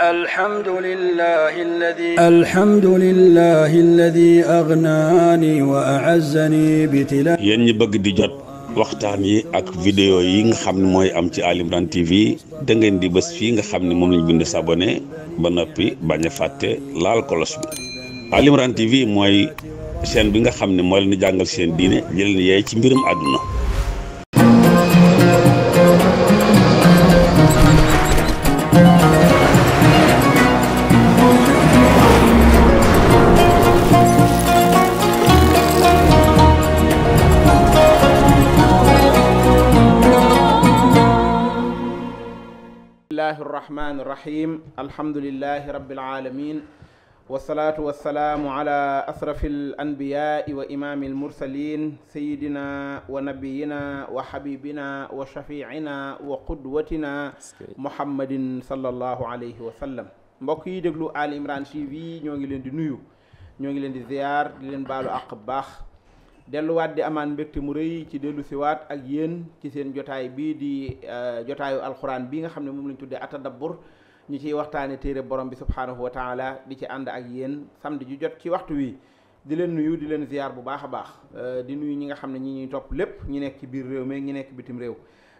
الحمد لله الذي الحمد ñi bëgg di jot waxtaan yi ak vidéo yi nga xam ne mooy am ci Ali Imran TV da ngeen di bés fii nga xam ni moom lañ bind sabone ba noppi bañ a fàtte laal kolos bi Ali Imran TV mooy chaîne bi nga xam ne mooy leen di jàngal seen diine jëleen yee ci mbirum àdduna bismillahi irrahmani irrahim alhamdulilahi rabilalamin wasalaatu wasalaamu ala asrafi alanbiyai wa imami almursalin sayidina wa nabiyina wa xabibina wa shafiina wa qudwatina muhammadin sallallahu alayhi wa sallam mbokk yi déglu Ali Imran TV ñoo ngi leen di nuyu ñoo ngi leen di ziyaar di leen baalu àq baax delluwaat di amaan mbégte mu rëy ci dellu siwaat ak yéen ci seen jotaay bii di euh, jotaayu alxuraan bi nga xam ne moom lañ tuddee atadabbur ñu ciy waxtaane téere borom bi subhaanahu wa taala di ci ànd ak yéen di ju jot ci waxtu wi di leen nuyu di leen ziar bu baax a baax euh, di nuyu ñi nga xam ne ñi ñuy topp lépp ñi nekk ci biir réew mi ñi nekk bitim réew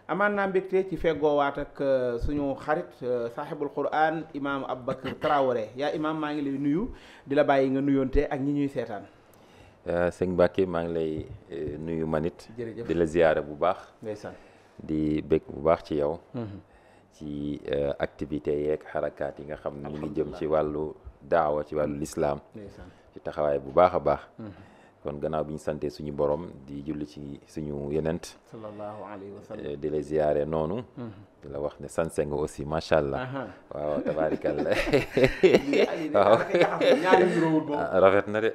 amaan naa mbégte ci feggoowaat ak euh, suñu xarit saaxibul quran imaam Aboubacar Traoré yaa imaam maa ngi lay nuyu di la bàyyi nga nuyoonte ak ñi ñuy seetaan Euh, sëñ Mbacke maa ngi lay euh, nuyu manit di la ziyaare bu baax di bëgg bu baax ci yow mhm. ci euh, activité yeeg xarakaat yi nga xam ne mu ngi jëm ci wàllu daawa ci wàllu lislaam ci taxawaay bu baax a baax mhm. kon gannaaw bi ñu santee suñu borom di julli ci suñu yenent sallallahu alayhi wa sallam eh, di la ziyaare noonu mhm. di la wax ne sanse nga aussi macha allah waaw tabaarikalla waaw rafet na de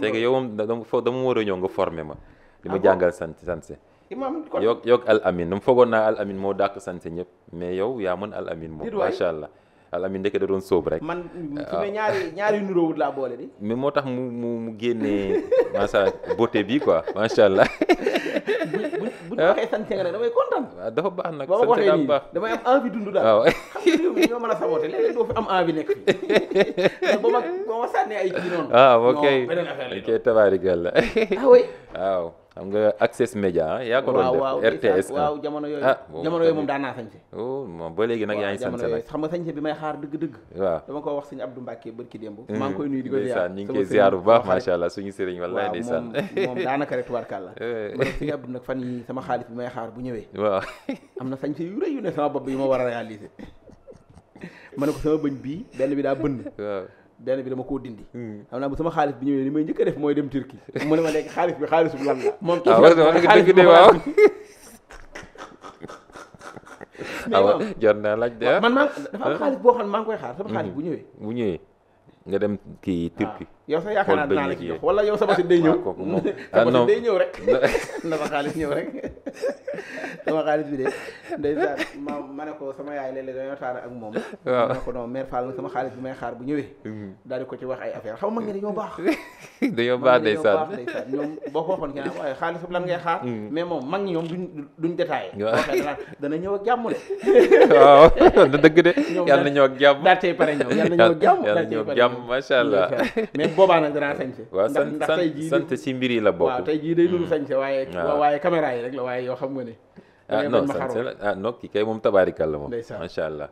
c'est yow moom dama foo dama war a ñëw nga formé ma di ma ah jàngal sant sanse imam yokk yokk al amin dama foogoon naa al amin moo dàq sanse ñëpp mais yow yaa mën al amin moom macha allah Lamine ndeke da doon sóob rek. man su ah. ma ñaari ñaari nuróowut laa boole di. mais moo tax mu mu mu génnee macha bi quoi macha allah. bu ñu ah. waxee sant nga nag damay kontaan. waaw ah, dafa baax nag sant daa damay am envie dund daal. waaw xam nga ñoo mën waaw. xam nga access media ah, yaa ko doon def RTS waaw jamono yooyu ah, jamono yooyu moom daan naa sañse moom oh, ba léegi nag yaa ngi sañse nag xam nga sañse bi may xaar dëgg-dëgg waaw dama ko wax sëñ Abdou Mbacke barki démb hmm. bu baax macha allah suñu sëriñ wallaay ndeysaan moom daanaka rek tubaarkàlla ma eh. def sëñ nag fan yi sama xaalis bi may xaar bu ñëwee waaw am na sañse yu rëy yu ne sama bopp yu ma war a réaliser ma ne ko sama bëñ bii benn bi daa bënn benn bi dama koo dindi. Hmm. xam naa bu sama xaalis bi ñëwee li may njëkk def mooy dem Turquie mu ne ma léegi xaalis bi xaalisu lan la. moom kii bi waaw waaw jot naa laaj de man maa dafa am xaalis boo xam ne maa ngi koy xaar sama hmm. bu ñëwee. bu ñëwee nga dem kii Turquie. yow sax yaakaar naa dinaa la ci jox wala yow sama si day ah, ñëw kooku moom ah, sama na ma de ndeysaan ma ko sama yaay léeg ma ne ko non mère may xaar bu ñëwee mm-hmm. daal ko ci wax ay affaire xaw ma ngeen dañoo baax dañoo baax ndeysaan ñoom boo ko mm-hmm. ñoom duñ duñ détaillé waaw dana ñëw jàmm de waaw da dëgg de yàlla na ñëw jàmm daal tey pare na ñëw ak jàmm yàlla na ñëw jàmm macha allah boobaa nag danaa sañse waaw ndax tey jii sant si mbir yi la bokk waaw tey jii day nuru mm. sañse waaye waaye caméra yi rek la waaye yoo xam nga ne ah non sañse la ah non kii kay moom la moom macha allah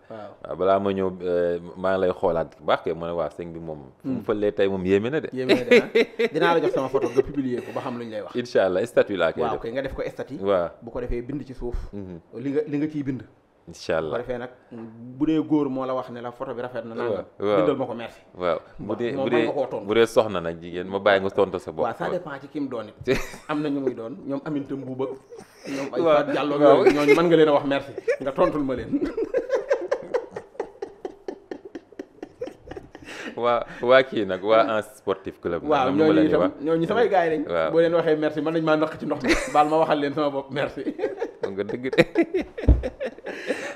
waaw ah, ma ñëw eh, maa lay xoolaat bu baax kay mu ne waa sëñ bi moom fu mu hmm. fëlee tey moom yéeme na de yéeme na de ah. dinaa la jox sama photo nga publier ko ba xam lu lay wax incha allah statut laa koy def kay nga def ko statut waaw bu ko defee bind ci suuf hmm. li nga li nga ciy bind incha allah bu ko nag bu dee góor moo la wax ne la photo bi rafet na. waaw waaw ko merci. waaw bu dee bu dee soxna nag jigéen ma bàyyi nga tontu sa bopp. waaw ki mu doon am na ñu doon ñoom Aminata Mbuuba. ñoom ay Fatou Diallo nga leen a wax merci nga tontul ma leen. waa kii nag waa un sportif club. waaw ñooñu itam ñooñu samay gars yi boo leen waxee merci man nañ maa naq ci ndox mi baal ma waxal leen sama bopp merci. nga dëgg de.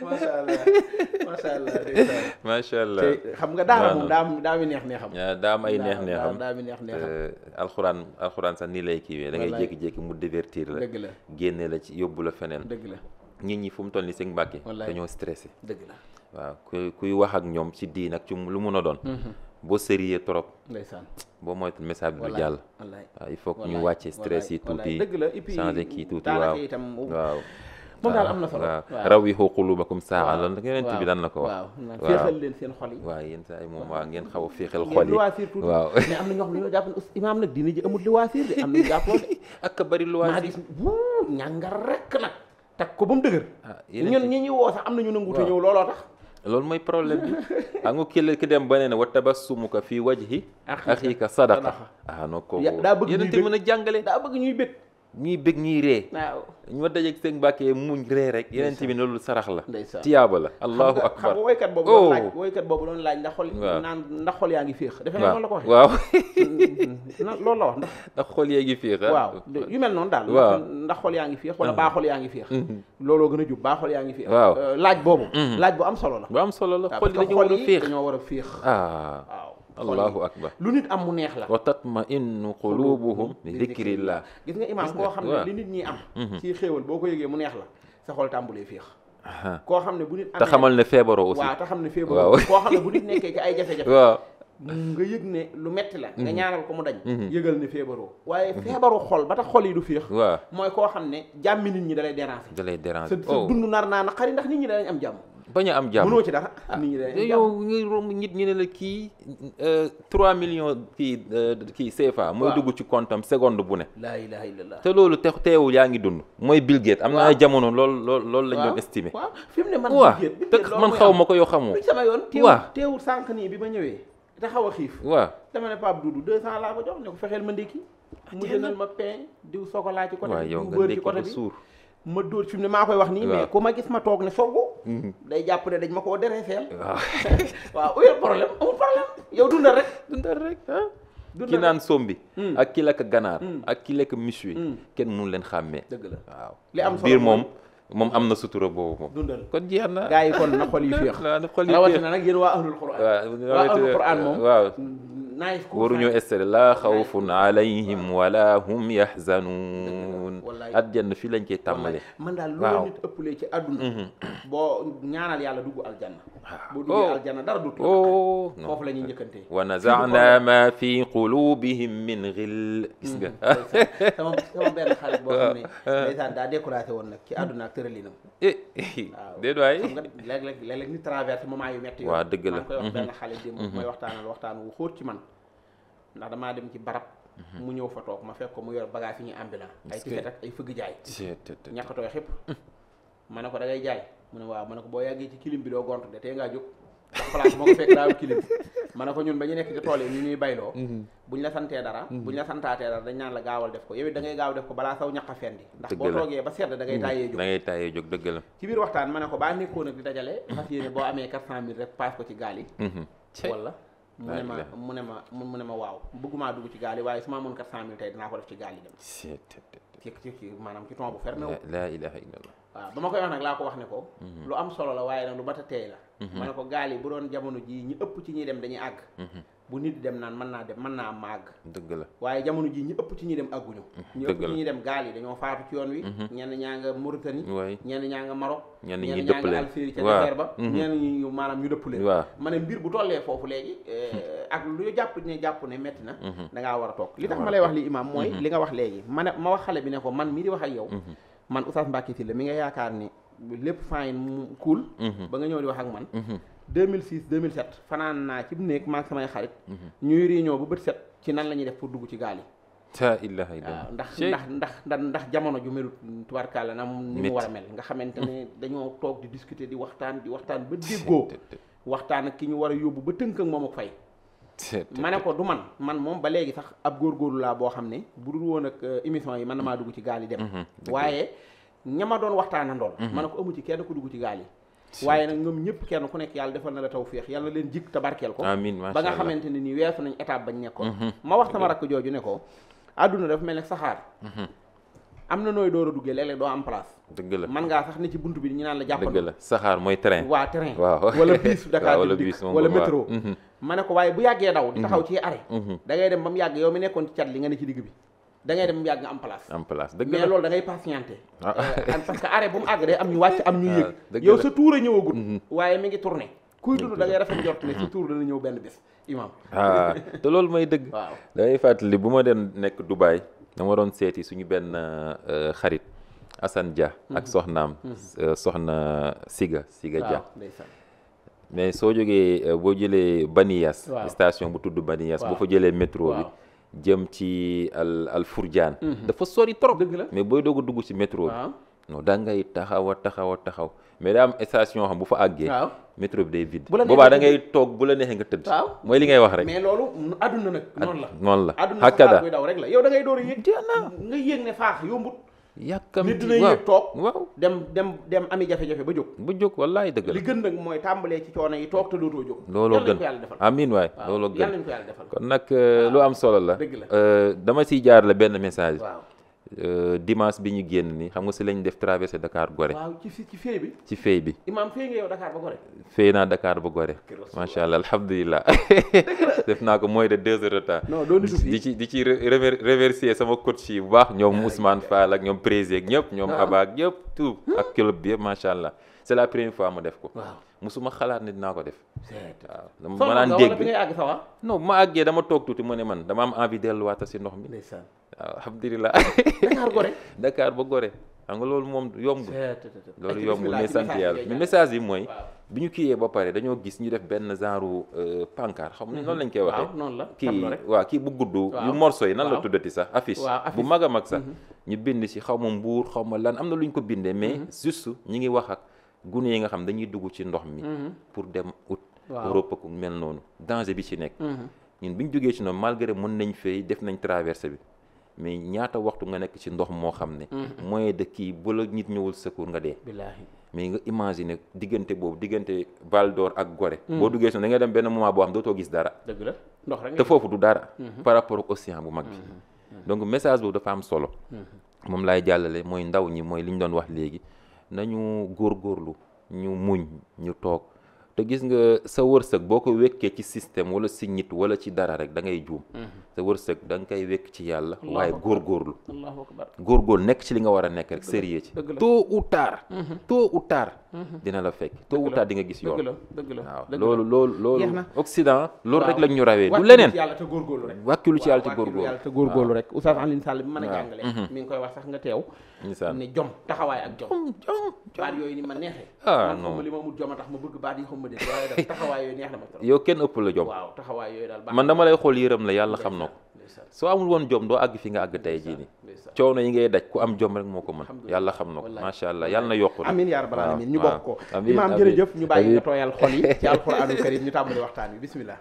macha allah macha allah. xam nga daara moom daa am daa am neex neexam. daa am ay neex neexam daa am neex neexam. alxuraan alxuraan sax nii lay kiiwee da ngay jékki-jékki mu divertir la. dëgg la génne la ci yóbbu la feneen. dëgg la nit ñi fu mu toll ni sëñ Mbàkke. dañoo stressé. dëgg la waaw kuy kuy wax ak ñoom ci diin ak ci lu mun a doon. Mhm. boo sérieux trop. ndeysaan boo moytu message bi du jàll. waaw ah, il faut que ñu wàcce stress yi tuuti. dëgg la et puis changer kii tuuti waaw waaw. moom daal am na solo waaw raw yi xuqulu ba comme saa lan yonent bi ko wax. waaw féexal leen seen xol yi. waaw yéen moom waaw ngeen xaw a féexal xol yi. waaw mais na ñoo xam ne ñoo jàpp ne imaam nag dina ji amul ka bëri ko ba mu dëgër. ñu ah, ñu woo sax am na ñu nanguute ñëw looloo tax. loolu mooy problème bi xam nga ki ki dem ba ne ne wa tabassumuka fii wajhi axika sadaqa ah non kooku daa bëgg ñuy bëgg yéen a mën a jàngale daa bëgg ñuy bëgg ñuy bëgg ñuy ree ñu ma dajeeg sëñ Mbàkke muñ ree rek yeneen tamit loolu sarax la tiyaaba la allahu akbar xam nga woykat boobu oh. woykat boobu doon laaj ndax xol naan ndax xol yaa ngi féex defe naa la ko waxee waaw loolu la wax ndax ndax xol yaa ngi féex ah? waaw yu mel noonu daal ndax xol yaa ngi féex wala mm. yaa ngi féex mm-hmm. looloo gën a jub baa yaa ngi féex waaw euh, laaj boobu mm-hmm. laaj bu am solo la bu am solo la xol yi dañoo war a féex war ah. a féex waaw allahu akbar lu nit am mu neex la wa tatma innu qulubuhum bi la gis nga imaam koo xam ne li nit ñi am mhm. ci xéewal boo ko yëgee mu neex la sa xol tàmbulee féex koo xam ne bu nit amee te xamal ne feebaroo aussi xam ne feebaroo koo xam ne bu nit nekkee ci ay jafe-jafe waaw nga yëg ne lu metti la nga mhm. ñaanal ko mu dañ mhm. yëgal ne feebaroo waaye feebaru xol ba tax xol yi du féex waaw mooy koo xam ne jàmmi nit ñi dalay déranger dalay déranger sa oh. dund nar naa naqari ndax nit ñi dalañ am jàmm bañ a am jàmm mënoo ci dara. Ah. nit yow ngay nit ñi ne la kii 3 euh, millions kii euh, kii CFA. mooy dugg ci compte am seconde bu ne. laa ilaaha illallah te loolu te teewul yaa ngi dund. mooy Bill Gates am na ay jamono lool lool loolu lañ doon waaw fi mu man te man xaw ma ko yoo xamoo. sama yoon teewul teewul sànq nii bi ma ñëwee. te xaw a xiif. waaw dama ne Pape Doudou 200 laa ko jox ne ko fexeel ma ndékki. Ah, mu jëndal ma pain diw sokolaa ci côté bi. waaw yow nga ndékki ba suur ma dóor fi mu ne maa koy wax nii. mais ku ma gis ma toog ne soggu. Mm-hmm. day jàpp ne dañ ma koo dereeseel. waaw waaw uyal problème amul problème yow dundal rek. dundal rek ah. ki naan sombi mm. ak ki lekk ganaar. Mm. ak ki lekk méchoui. Mm. kenn mënu leen xàmme dëgg la waaw li am solo moom. moom am na sutura boobu moom. dundal kon jeex na gaa yi kon na xol yi féex. na xol yi féex rawatina nag yéen waa ahlul quran. waaw waa ahlul quran moom. waaw naayif ko waruñu estere laa xawfun alayhim wala hum yaxzanuun. wallaay aljanna fii lañ cee tàmbalee. waaw man daal loolu nit ëppalee ci àdduna. Mhm. boo ñaanal yàlla dugg aljanna. boo duggee oh. aljana dara dootul la oh. foofu la ñuy njëkkante wa nazaana ma fi qulubihim min ghil gis hmm. daa découragé woon nag ci àdduna ak tëralinam eh, waaw déet waay xam nga léeg yu metti waaw dëgg la koy wax mhm. mhm. mooy waxtaanal waxtaan wu xóot ci man ndax damaa dem ci barab mhm. mu ñëw fa toog ma fekk ko mu yor bagage fi ñuy ambulant ay ticket ak ay fëgg jaay ñàkkatooy xëpp ma ne ko da jaay mu ne waaw ma ko boo yàggee ci kilim bi doo gont de tey ngaa jóg ndax place moo ko fekk daa am kilim ma ne ko ñun ba ñu nekk ci tool yi ñu ñuy bayloo mhm. buñ la santee dara mhm. buñ la santaatee dara dañ naan la gaawal def ko yow it da ngay gaaw def ko balaa saw ñaq fendi ndax boo toogee ba sedd mhm. da ngay taayee jóg dëgg la ci biir waxtaan ma ne ko baa nekkoon ak di dajale fas yéene boo amee quatre cent mille rek paas ko ci gaal yi wala mu ne ma mu ne ma mu ne ma waaw bëggumaa dugg gaal yi waaye su ma amoon quatre ci ci ci maanaam ci tomb bu fermé wu laa ilaha illallah waaw ba ma koy wax nag laa ko wax ne ko mhm. lu am solo la waaye nag lu mat teey la mhm. ma ko gaal yi bu doon jamono ji ñi ëpp ci ñuy dem dañuy àgg mhm. bu nit dem naan mën naa dem mën naa am ma àgg dëgg la waaye jamono ji ñi ëpp ci ñuy dem àgguñu ñi ëpp ci ñuy dem gaal yi dañoo faatu ci yoon wi ñenn ñaa nga Mauritanie ñenn ñaa nga Maroc ñenn ñi dëpp leen Algérie ca defer ba ma ne mbir bu tollee foofu léegi eh, ak lu jàpp ne jàpp ne métti na da ngaa war a toog li tax ma lay wax li ne ko man mii di wax ak yow mhm. man Oustaz Mbacké Sylla mi nga yaakaar ni lépp fine mu cool mhm. ba nga ñëw di wax ak man mhm. mille 2006 2007 fanaan naa ci néeg maa samay xarit ñuy réunion ba bët set ci nan la def pour dugg ci gaal yi ta waaw ndax ndax ndax ndax ndax jamono ju melut tubarkàlla na ni mu war a mel nga xamante ne dañoo toog di discuter di waxtaan di waxtaan ba déggoo waxtaan ak ki ñu war a yóbbu ba tënk ak moom ak fay ma ne ko du man man moom ba léegi sax ab góorgóorlu laa boo xam ne bu dul woon ak euh, émission yi man na maa dugg ci gaal yi dem mhm, waaye ña ma doon waxtaanandool mhm. ma ne ko amu ci kenn ku dugg ci gaal yi waaye nag ñoom ñëpp kenn ku nekk yàlla defal na la tawféex yàlla leen jikk te barkeel ko amiin ba nga xamante ne nii weesu nañ étape bañ nekkoon mhm. ma wax sama rakk jooju ne ko àdduna dafa mel ne saxaar am na nooy door a duggee léeg-léeg doo am place. dëgg la man ngaa sax ne ci buntu bi ñu naan la jàppal. dëgg la saxaar mooy train. waa train wala biis Dakar wala biis wala métro. Mhm. ma ne ko waaye bu yàggee daw. di mhm. taxaw ci arrêt. Mhm. da ngay dem ba mu yàgg yow mi nekkoon ci cat li nga ne ci digg bi. da ngay dem mu yàgg nga am place. am place dëgg la mais loolu da ngay patienté. Ah. Euh, parce que arrêt bu mu àgg day am ñu wàcc am ñu ah, yëg. yow sa tuur a ñëwagul. waaye mi ngi tourné. kuy dund da ngay rafet njort ne sa tuur dana ñëw benn bés imam. Ah, te loolu mooy dëgg. waaw da ngay fàttali bu ma den nekk Dubaay dama doon seeti suñu benn euh, xarit Assane ja mhm. ak soxnaam mhm. euh, soxna Siga Siga Dia mais soo jógee euh, boo jëlee Baniyas station bu tudd Baniyas boo fa jëlee métro bi jëm ci al al Fourdiane mhm. dafa sori trop mais booy dogg dugg ci métro bi non da ngay taxaw a taxaw a taxaw mais daa am bu fa àggee. waaw métro bi day vide. bu la boobaa da ngay toog bu la neexee nga tëdd. waaw mooy li ngay wax rek. mais loolu àdduna nag. noonu la noonu la àdduna koy daw rek la yow da ngay door a yéeg. nga yéeg ne faax yombut. yàkkam nit toog waaw dem dem dem ami jafe-jafe ba jóg ba jóg wallaay dëgg li gën nag mooy tàmbalee ci coono yi toog te dootoo jóg looloo gën amiin waay looloo gën kon nag euh, lu am solo la euh, dama si jaar la benn message Euh, dimanche bi ñu génn nii xam nga si lañu def traversé Dakar Gorée. ci ci bi. ci naa Dakar ba Gorée. macha allah alhamdulilah. def naa ko mooy de deux heures de temps. non di ci di ci remercier sama coach yi bu baax ñoom ah, Ousmane Fall ak ñoom Prési ak ñëpp ñoom Aba ah. ak ñëpp tout ak club bi yëpp macha allah. c'est la première fois ma def ko. waaw musuma xalaat ne dinaa ko def. waaw ma naan dégg bi ngay àgg ma àggee dama toog tuuti ma ne man dama am envie delluwaat si ndox mi. ndeysaan waaw alhamdulilah. Dakar Gorée. Dakar ba Gorée. xam nga loolu moom yombul. loolu yombul mais sant yàlla mais message bi mooy. bi ñu kiiyee ba pare dañoo gis ñu def benn genre euh, pancarte xam nga noonu lañ koy waxee. noonu la kii waaw kii bu gudd. yu morceau yi nan la tuddati sax affiche. bu mag a mag sax. Mhm. ñu bind ci xaw ma mbuur xaw ma lan am na lu ñu ko bindee mais mhm. juste ñi ngi wax gune yi nga xam dañuy dugg ci ndox mi. Mhm. pour dem ut. Europe ku mel noonu danger bi ci nekk. Mhm. ñun bi ñu jógee ci noonu malgré mën nañ fay def nañ traversé bi mais ñaata waxtu nga nekk ci ndox moo xam ne. Mhm. mooy de kii bu la nit ñëwul secours nga dee. billaahi mais nga imaginer diggante boobu diggante Val door ak Gorée. boo duggee si da nga dem benn moment boo xam dootoo gis dara. dëgg ndox rek te foofu du dara. par rapport ak océan bu mag bi. donc message boobu dafa am solo. moom laay jàllale mooy ndaw ñi mooy li ñu doon wax léegi. nañu góorgóorlu ñu muñ ñu toog te gis nga sa wërsëg boo ko wekkee ci système wala si nit wala ci dara rek da ngay juum mhm. sa wërsëg da nga koy wekk ci yàlla waaye góorgóorlu góorgóorlu góor ci li nga war nekk ci tôt ou tard mhm. tôt ou tard mhm. dina la fekk tôt ou tard di la waaw loolu loolu loolu Occident loolu rek lañ ñu rawee du leneen wàkkilu ci yàlla te góorgóorlu te góorgóorlu rek Oustaz Alioune Sall bi mën a jàngale mi ngi koy wax sax nga teew ne jom taxawaay ak jom jom baat yooyu ni ma neexee ah a tax ma déet waaye daal taxawaay yooyu neex na ma trop yow kenn ëpp la jom waaw taxawaay yooyu daal man dama lay xool yërëm la yàlla xam na ko soo amul woon jom doo àgg fi nga àgg tey jii ni coow na yi ngay daj ku am jom rek moo ko mën yàlla xam na ko macha allah yàlla na yokku amiin ñu bokk ko ñu bàyyi nga tooyal xol yi ci alquraanul karim ñu tàmbali waxtaan bi bismillah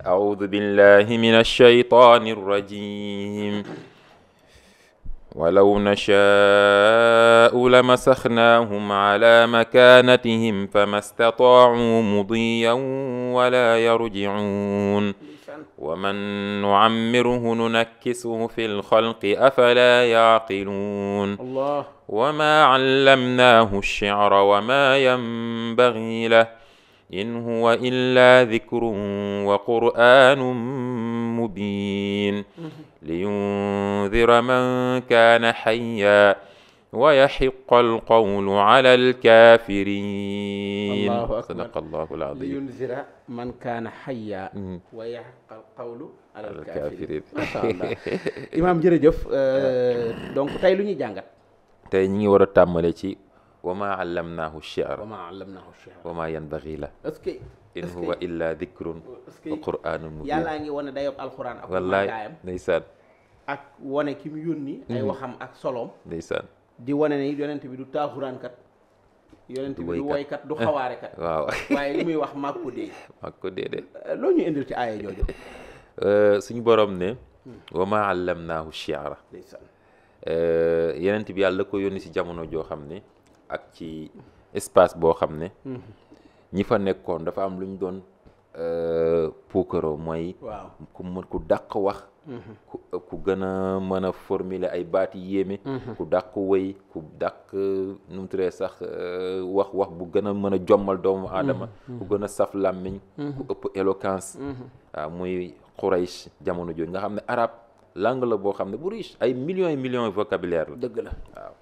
أعوذ بالله من الشيطان الرجيم ولو نشاء لمسخناهم على مكانتهم فما استطاعوا مضيا ولا يرجعون ومن نعمره ننكسه في الخلق أفلا يعقلون الله وما علمناه الشعر وما ينبغي له إن هو إلا ذكر وقرآن مبين لينذر من كان حيا ويحق القول على الكافرين الله أكبر صدق الله العظيم لينذر من كان حيا ويحق القول على الكافرين ما شاء الله imaam jërëjëf donc tey lu ñuy jàngat tey ñu ngi war a tàmmale ci wa maa allamnaahu shi'r wa maa allamnaahu shi'r wa maa yanbaghi lahu in huwa illa dhikrun wa qur'aanun mubiin yàllaa ngi wane dayob alxuraan ak wallaay ndeysaan ak wone ki mu yónni ay mhm. waxam ak soloom ndeysaan di wane ne yonent bi du taaxuraan kat yonent bi du woykat du xawaare waaw waaye li muy wax mag dee mag dee de eh, loo ñu indil ci aaya jooju eh, suñu boroom ne hmm. wa maa allamnaahu shi'ra ndeysaan eh, yonent bi yàlla ko yónni si jamono joo xam ne ak ci espace boo xam ne hmm. ñi fa nekkoon dafa am lu ñu doon euh, puukaroo mooy. waaw ku mën ku dàq wax. Mm-hmm. ku ku gën a mën a formuler ay baat yéeme. Mm-hmm. ku dàq wëy ku dàq nu mu turee sax euh, wax wax bu gën a mën a jommal doomu mm-hmm. aadama. ku gën a saf làmmiñ. ku ëpp éloquence. waaw muy Quraysh jamono jooju nga xam ne arab langue la boo xam ne bu riche ay millions et millions de vocabulaire la. dëgg la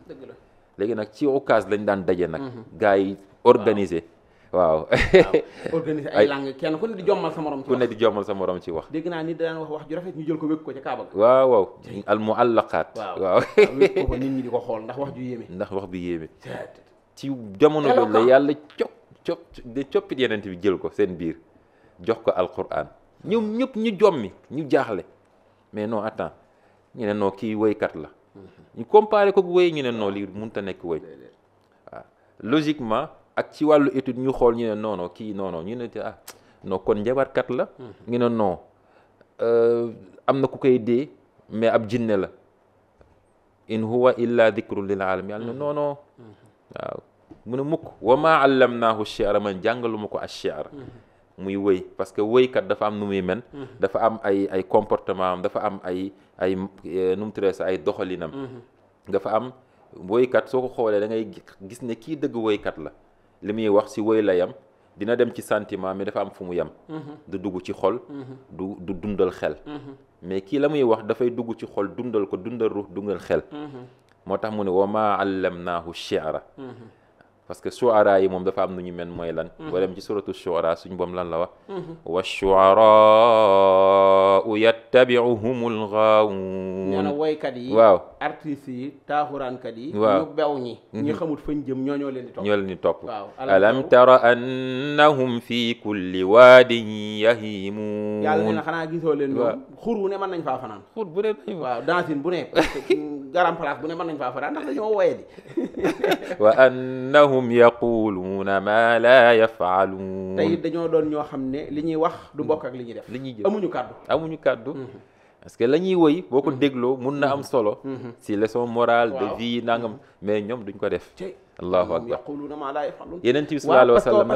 dëgg la léegi nag ci occas lañ daan daje nag. gars yi organiser. waaw organiser ay lang kenn ku ne di jommal sa morom ci wax ku ne di jommal sa morom ci wax dégg naa ni daan wax wax ju rafet ñu jël ko wékk ko ca kaaba ga waaw waaw al mu àllaqaat waaw wékk ko nit ñi di ko xool ndax wax ju yéeme ndax wax bi yéeme ci jamono jooju la yàlla cop cop de coppit yeneen bi jël ko seen biir jox ko alquran ñoom ñëpp ñu jommi ñu jaaxle mais non attends ñu ne non kii woykat la mhm. ñu comparé ko woy ñu ne non lii mënut a nekk woy waaw logiquement ak ci wàllu étude ñu xool ñu ne non kii non ñu ne ah non kon njabarkat la. Mhm. ñu ne non euh, am na ku koy dee mais ab jinne la. in huwa illa dikrun lil alamin yàlla ne mhm. non mhm. waaw mu ne mukk wa maa allamnaahu shi'ra man jàngalu ma ko ash-shi'r muy wëy parce que wëykat dafa am nu muy men dafa am ay ay comportement am dafa am ay ay eh, nu mu tuddee ay doxalinam dafa am wëykat soo ko xoolee da ngay gis ne kii dëgg wëykat la li muy wax si woy la yam dina dem ci santiment mi dafa am fu mu yem mhm. du dugg ci xol mhm. du dundal xel mhm. mais kii la muy wax dafay dugg ci xol dundal ko dundal ruux dundal xel moo tax mu ne wa maa allamnaahu shi'ra parce que shuara yi moom dafa am nu ñu men mooy lan mhm. boo dem ci suratu shuara suñu boom lan la wax mhm. wa shuaraau yattabiuhumul gaawun nee na woykat yi waaw artistes yi taaxuraankat yi waaw ñu bew ñi ñi mhm. xamul fañ jëm ñoo ñoo leen di topp ñoo leen di topp waaw alam tara annahum fi kulli waadin yahimun yàlla nee na xanaa gisoo leen ñoom xur wu ne mën nañ faa fanaan xur bu ne waaw dansin bu ne garam place bu ne mën nañ faa fanaan ndax dañoo woye di wa annahum yaquluuna ma la yafaaluun tey dañoo doon ñoo xam ne li ñuy wax du bokk ak li ñuy def li ñuy amuñu kàddu amuñu kàddu mhm. parce que la woy boo ko mhm. dégloo mun na am mhm. solo si leçon morale de vie nangam mais ñoom duñ ko def allahu akbar yaquluuna maa laa yafaluun yeneen bi sallallahu alayhi wa sallam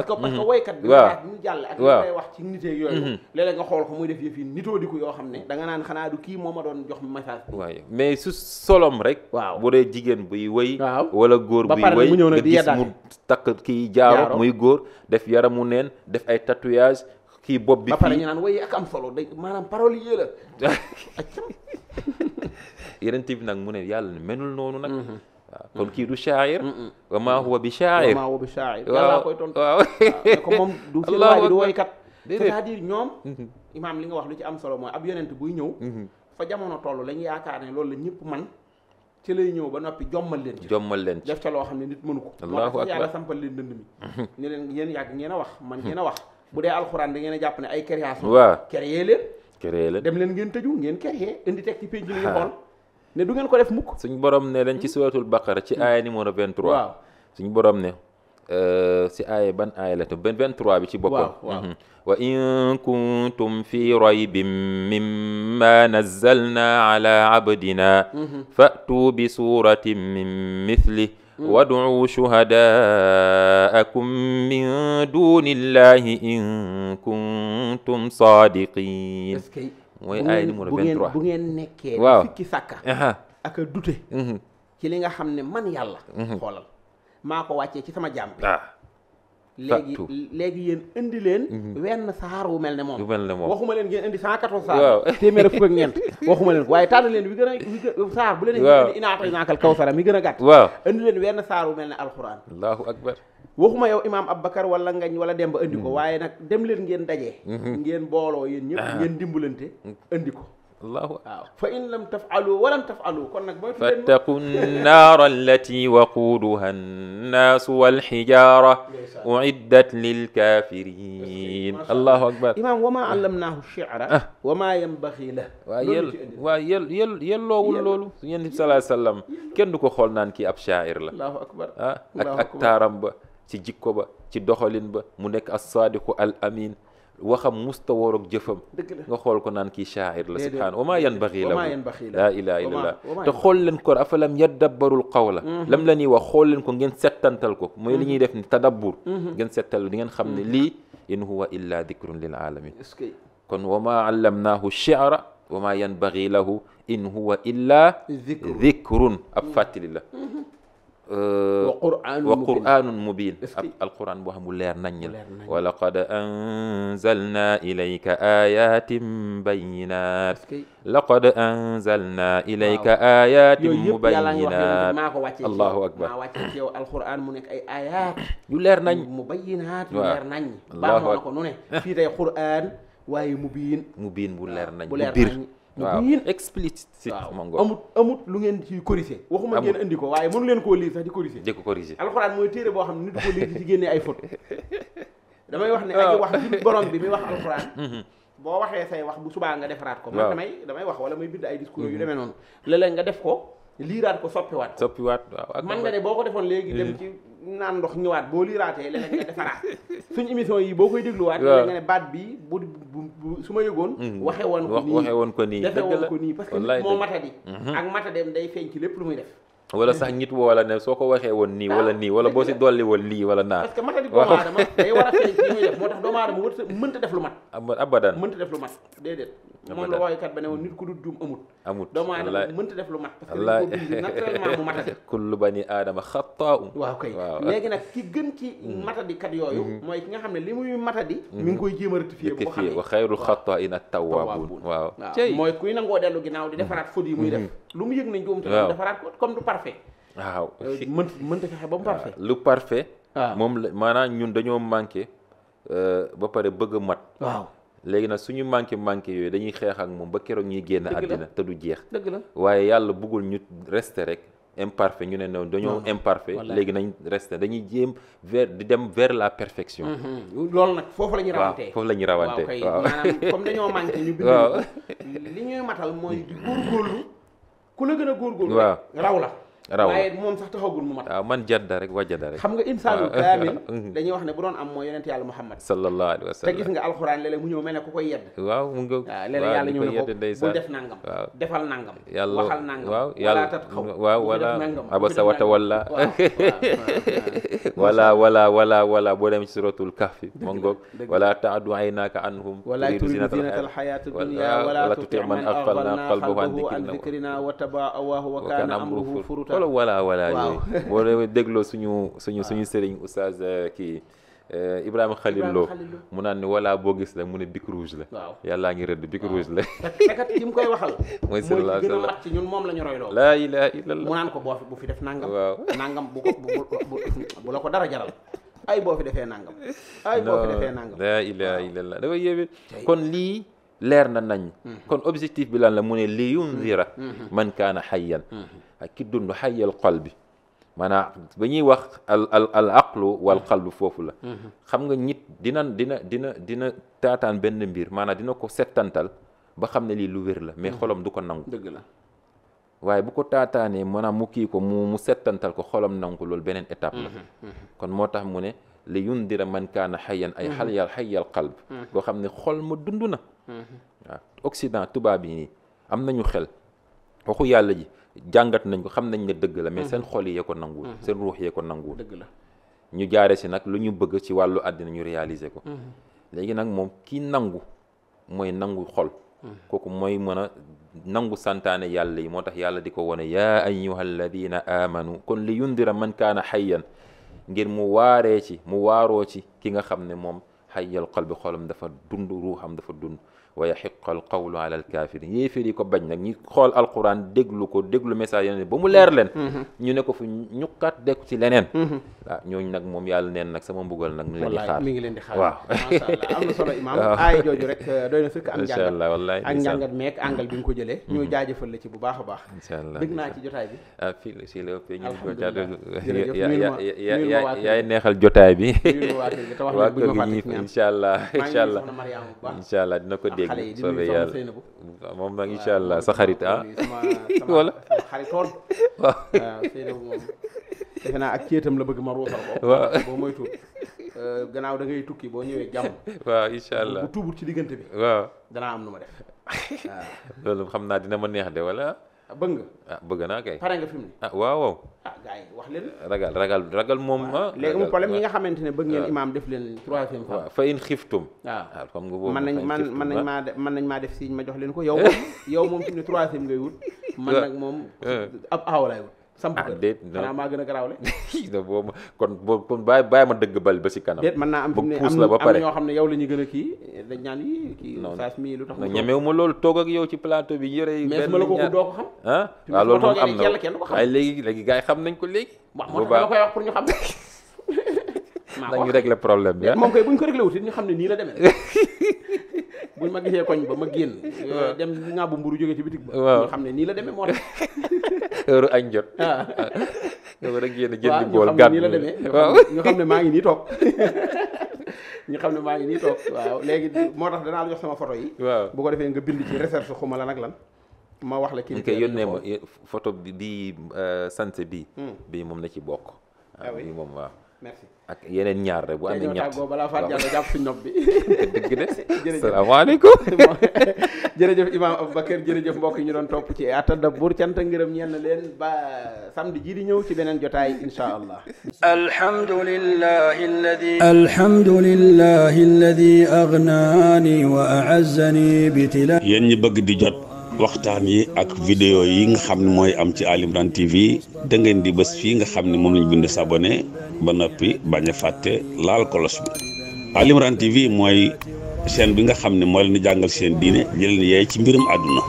parce jàll ak wax ci nitee yooyu mm-hmm. léeg-léeg nga xool ko muy def yëf nitoo di ko yoo xam ne danga naan xanaa du kii moo a doon jox message waaw mais su solom rek waaw bu dee jigéen buy wëy waaw wala góor buy wëy nga gis mu takk kii jaaro muy góor def yaramu neen def ay tatouage kii bopp bi ba pare naan woy ak am solo day maanaam parole yii la yeneen bi nag mu ne yàlla ne menul noonu nag mm-hmm. kon kii du shaa'ir wa maa huwa bi shaa'ir wa maa huwa bi shaa'ir yàlla koy tontu waaw ah, ko moom du seen waay du woykat c'est-à-dire ñoom mm-hmm. imaam li nga wax lu ci am solo mooy ab yonent buy ñëw mm-hmm. fa jamono toll lañu yaakaar ne loolu la ñëpp man ci lay ñëw ba noppi jommal leen ci jommal leen ci def ca loo xam ne nit mënu ko allahu akbar yàlla sampal leen dënd mi mm-hmm. ne leen yéen yàgg ngeen a wax man ngeen a wax bu dee alxuraan da ngeen a jàpp ne ay création waaw créé leen créé leen dem leen ngeen tëju ngeen créé indi teg ci pénc li xool ne du ngeen ko def mukk suñu borom ne dañ ci hmm? suratul baqara ci hmm. aaya numéro 23. waaw suñu borom ne. Euh, si aaya ban aaya la te ben 23 bi ci boppam. waaw mhm. wa in kuntum fi raybin mimma nazzalna ala abdina mhm. fa'tu bi suratin min mithli hmm. wad'u shuhada'akum min dunillahi in kuntum sadiqin mooy ay numéro 23 bu ngeen nekkee waaw fikki sàkka a dute mhm. ci li nga xam ne man yàlla mhm. xoolal maa ko wàccee ci sama jaam léegi léegi yéen indi leen mhm. wenn saar wu mel ne moom waxuma leen ngeen indi cent quatorze saar téeméer fukk ak ñeent waxuma leen waaye tànn leen wi gën a saar bu leen indi inaatay naakal kawsara mi gën a gàtt waaw indi leen wenn saar wu mel ne alxuraan allahu akbar waxuma yow imaam Abubakar wala ngañ wala Demba indi ko mhm. waaye nag dem leen ngeen dajee mhm. ngeen booloo yéen ñëpp ah. ngeen dimbalante mm. indi ko allahu waaw fa in lam tafalu walan tafalu kon nag mooy fattaqu nnaara allati waquuduha annaasu walxijaara uiddat lilkafirin allahu akbar imaam wamaa allamnaahu shi'ra ah. wamaa yanbaxi la waaw yel waaw yel yel yelloowul loolu yéen salaa sallam kenn du ko xool naan kii ab shaa'ir la allahu akbar ah ak ak taaram ba ci jikko ba ci doxalin ba mu nekk as-saadiqu al amin waxam musta woor ak jëfam nga xool ko naan kii shaa'ir la subhaana wa maa yanbaxi lahu laa ilaaha illallah te xool leen ko afalam yaddabbarul qawla mhm. lam la ñuy wax xool leen ko ngeen settantal ko mooy li mhm. ñuy def ni tadabbur mhm. ngeen settal di ngeen xam ne lii in huwa illa dikrun lil alamin kon wa maa allamnaahu shi'ra wa maa yanbaxi lahu in huwa illa dikrun ab fàttali la Euh, wa qur'aanun mubiin ab alquran boo xam bu leer nañ la wa laqad anzalna ilayka ayatin bayinat laqad anzalna ilayka ayatin mubayinat allahu akbar maa wàcce ci yow alquran mu nekk ay ayat yu leer nañ mubayinat yu leer nañ baax na ko nu ne fii tey qur'an waaye mubiin mubiin bu leer nañ bu biir waaw explicite waaw amut amut lu ngeen ci corriger waxuma ngeen indi ko waaye mënu leen koo lire sax di corriger di alxuraan mooy téere boo xam ne nit ko lire ci génnee ay faute damay wax ne ak wax bi borom bi muy wax alxuraan mhm. boo waxee say wax bu subaa nga defaraat ko man may damay wax wala may bind ay discours yu mhm. demee noonu léeg-léeg nga def ko liiraat ko soppiwaat soppiwaat waaw man nga ne boo ko defoon léegi dem mhm. ci naan ndox ñëwaat boo lii raatee leneen nga defaraat suñu émission yi boo koy dégluwaat. waaw nga ne baat bi bu bu su ma yëgoon. Mm. waxee woon ko nii waxee woon ko nii dëgg la defee woon ko nii parce moo matadi. Mm-hmm. ak matadeem day feeñ ci lépp lu muy def. wala eh. sax ñit woo la ne soo ko waxee woon nii wala ah. nii wala boo si dolli woon lii wala naa parce que matadi doomu aadama a feeñ moo tax doomu aadama wër mënta def lu mat abadan mënta def lu mat déedéet moom la wooykat ba ne woon nit ku dul juum amut amut def lu mat parce que dañ ko bind naturellement mu matadi kullu bani aadama xataa'un waaw kay léegi nag ki gën ci mm-hmm. matadikat yooyu mm-hmm. mooy ki nga xam ne li muy matadi mm-hmm. mi ngi koy jéem a rectifier boo xam ne wa xayrul xataa'ina at-tawwaabuun waaw mooy kuy nangoo dellu ginnaaw di defaraat faute yi muy def lu mu yëg nañ juum te defaraat comme du parfait waaw euh, mën mënta fexe ba mu parfait lu parfait ah. moom la maanaam ñun dañoo manqué euh, ba pare bëgg mat waaw léegi nag suñu manqué manqué yooyu dañuy xeex ak moom ba keroog ñuy génn àddina te du jeex dëgg la waaye yàlla buggul ñu rester rek imparfait ñu ne noonu dañoo imparfait léegi nañ resté dañuy jéem vers di dem vers la perfection mm-hmm. loolu nag foofu la ñu rawantee la waaw comme dañoo manqué ñu bind li ñuy matal mooy di ku la gën a góorgóorlu. waaw raw la. raw waaye moom sax taxagul mu mat waaw man jadda rek wajada rek xam nga insaanul kaamil mhm. dañuy wax ne bu doon am mooy yonent yàlla Muhammad sallallahu alayhi wa sallam te gis nga alxuraan léeg-léeg mu ñëw mel ne ku koy yedd waaw mu nga waaw léeg-léeg yàlla ñëw ne ko bul def nangam waaw defal nangam yàlla waxal nangam waaw yàlla tat xaw waaw wala abasa wata wala wala wala wala wala boo demee ci suratul kahfi moo ngoog wala taadu aynaka anhum wala turidu zinata alxayati dunya wala tuti man aqfalna qalbahu an dikrina wa taba awahu wa kana amruhu furuta wala wala wala yooyu boo demee dégloo suñu suñu suñu sëriñ oustaz euh, kii euh, Ibrahima Khalil loo mu naan ni wala boo gis la mu ne bic rouge la yàllaa ngi rëdd bic rouge la kat ki mu koy waxal mooy sallallahu alayhi wa ci ñun la ñu royloo laa ilaha illallah mu ko bu fi def nangam nangam bu ko bu la ko dara jaral ay boo fi defee nangam ay boo fi defee nangam laa ilaha illallah dafa yéeme kon lii leer na nañ mhm. kon objectif bi lan la mu ne li yunzira mhm. mhm. man kaana xayyan ak ki dund xayyal bi maanaa ba ñuy wax al al al aqlu wal qalbu foofu la xam nga nit dina dina dina dina taataan benn mbir maanaam dina ko settantal ba xam ne lii lu wér la mais xolom du ko nangu dëgg la waaye bu ko taataanee maanaam mu kii ko mu mu settantal ko xolam nangu ko loolu beneen étape la kon moo tax mu ne li yundira man kaana xayyan ay xalyal xayyal qalb boo xam ne xol ma dund na waaw Occident tubaab yi nii am nañu xel waxu yàlla ji jàngat nañ ko xam nañ ne dëgg la mais seen xol yee ko nanguwul seen ruux yee ko nanguwul dëgg ñu jaare si nag lu ñu bëgg ci wàllu àddina ñu réaliser ko léegi nag moom kii nangu mooy nangu xol kooku mooy mën a nangu santaane yàlla yi moo tax yàlla di ko wone yaa ayyuha alladina amanu kon li yundira man kaana xayyan ngir mu waaree ci mu waaroo ci ki nga xam ne moom xayyal xol bi xolam dafa dund ruuxam dafa dund wa yaxiqa alqawlu ala alkaafiriin yéeféer yi ko bañ nag ñi xool alquran déglu ko déglu message yeneen ba mu leer leen mm-hmm. ñu ne ko fu ñuqaat dekku ci leneen waaw mm-hmm. ah, nag moom yàlla neen nag sama mbugal nag mi leen mi ngi leen di xaar waaw masha Allah am na solo imaam aay jooju rek eh, doy na ko jëlee mm-hmm. ñu jaajëfal la ci bu baax a baax insha Allah bëgg naa ci jotaay ah, la si la ëppee neexal jotaay bi waa kër gi ñi insha Allah insha Allah dina ko dégg soobee yàlla moom nag incha allah sa xarit ah wala xaritoon naa ak céetam la bëgg ma ruusal ko boo moytu euh, gannaaw da ngay tukki boo ñëwee jàmm waaw incha allah bu tuubut ci diggante bi waaw danaa am nu ma def xam naa dina ma neex de wala bëgg nga. ah bëgg naa kay. pare nga fi mu ne. ah waaw waaw. ah gars yi wax leen. ragal ragal ragal moom. ragal ah, léegi mu problème ñi nga ah. xamante ne bëgg ngeen ah. imaam def leen troisième fois. fa in xiftum. waaw boobu. mën nañ man mën nañ maa def mën nañ maa def si ma jox leen ko yow moom yow moom fi mu ne troisième ngay wut. man nag moom ab aaw samp ah, kër déet xanaa maa gën a garaawle boobu kon boo bàyyi bàyyi ma dëgg bal ba si kanam déet mën naa am fi mu ne am na ñoo xam ne yow la ñu gën a kii dañ naan yi kii saas mii lu tax ñemewu ma loolu toog ak yow ci plateau bi yore mais su ma la ko doo ko xam ah waaw ah, loolu moom am na yi xam nañ ko léegi wax moo tax la koy wax pour ñu xam dañu régler problème bi ah. moom kay bu ñu ko ñu xam ne nii la demee buñ ma gisee koñ ba ma génn dem ngaa bu mburu jógee ci bitig xam ne nii la demee moo tax heure añ jot. Ah. waaw rek yéen a jëndi bool gàddu la demee waaw ñu xam ne maa ngi nii toog ñu xam ne maa ngi nii toog waaw léegi moo tax danaa la jox sama photo yi. waaw bu ko defee nga bind ci recherche xuma la nag lan. ma wax la kii bi yónnee ma photo bi bii sant bi euh, hmm. bii moom na ci bokk. ah bii moom waaw ak yeneen ñaar rek bu amee ñett tàggoo balaa faat jàll jàpp suñu nopp bi dëgg de salaamaaleykum jërëjëf mbokk yi ñu doon topp ci Atadabour cant ak ngërëm ñeen leen ba samedi ji di ñëw ci beneen jotaay inshaa allah alhamdulillahi alladi alhamdulillahi alladi aghnani wa a'azzani bi tila yéen ñi bëgg di jot waxtaan yi ak vidéo yi nga xam ne mooy am ci Ali Imran TV ngeen di bés fii nga xam ni moom lañ bind sabone ba noppi bañ a fàtte laal kolos bi Ali Imran mooy seen bi nga xam ne moo leen di jàngal seen diine jëleen yee ci mbirum àdduna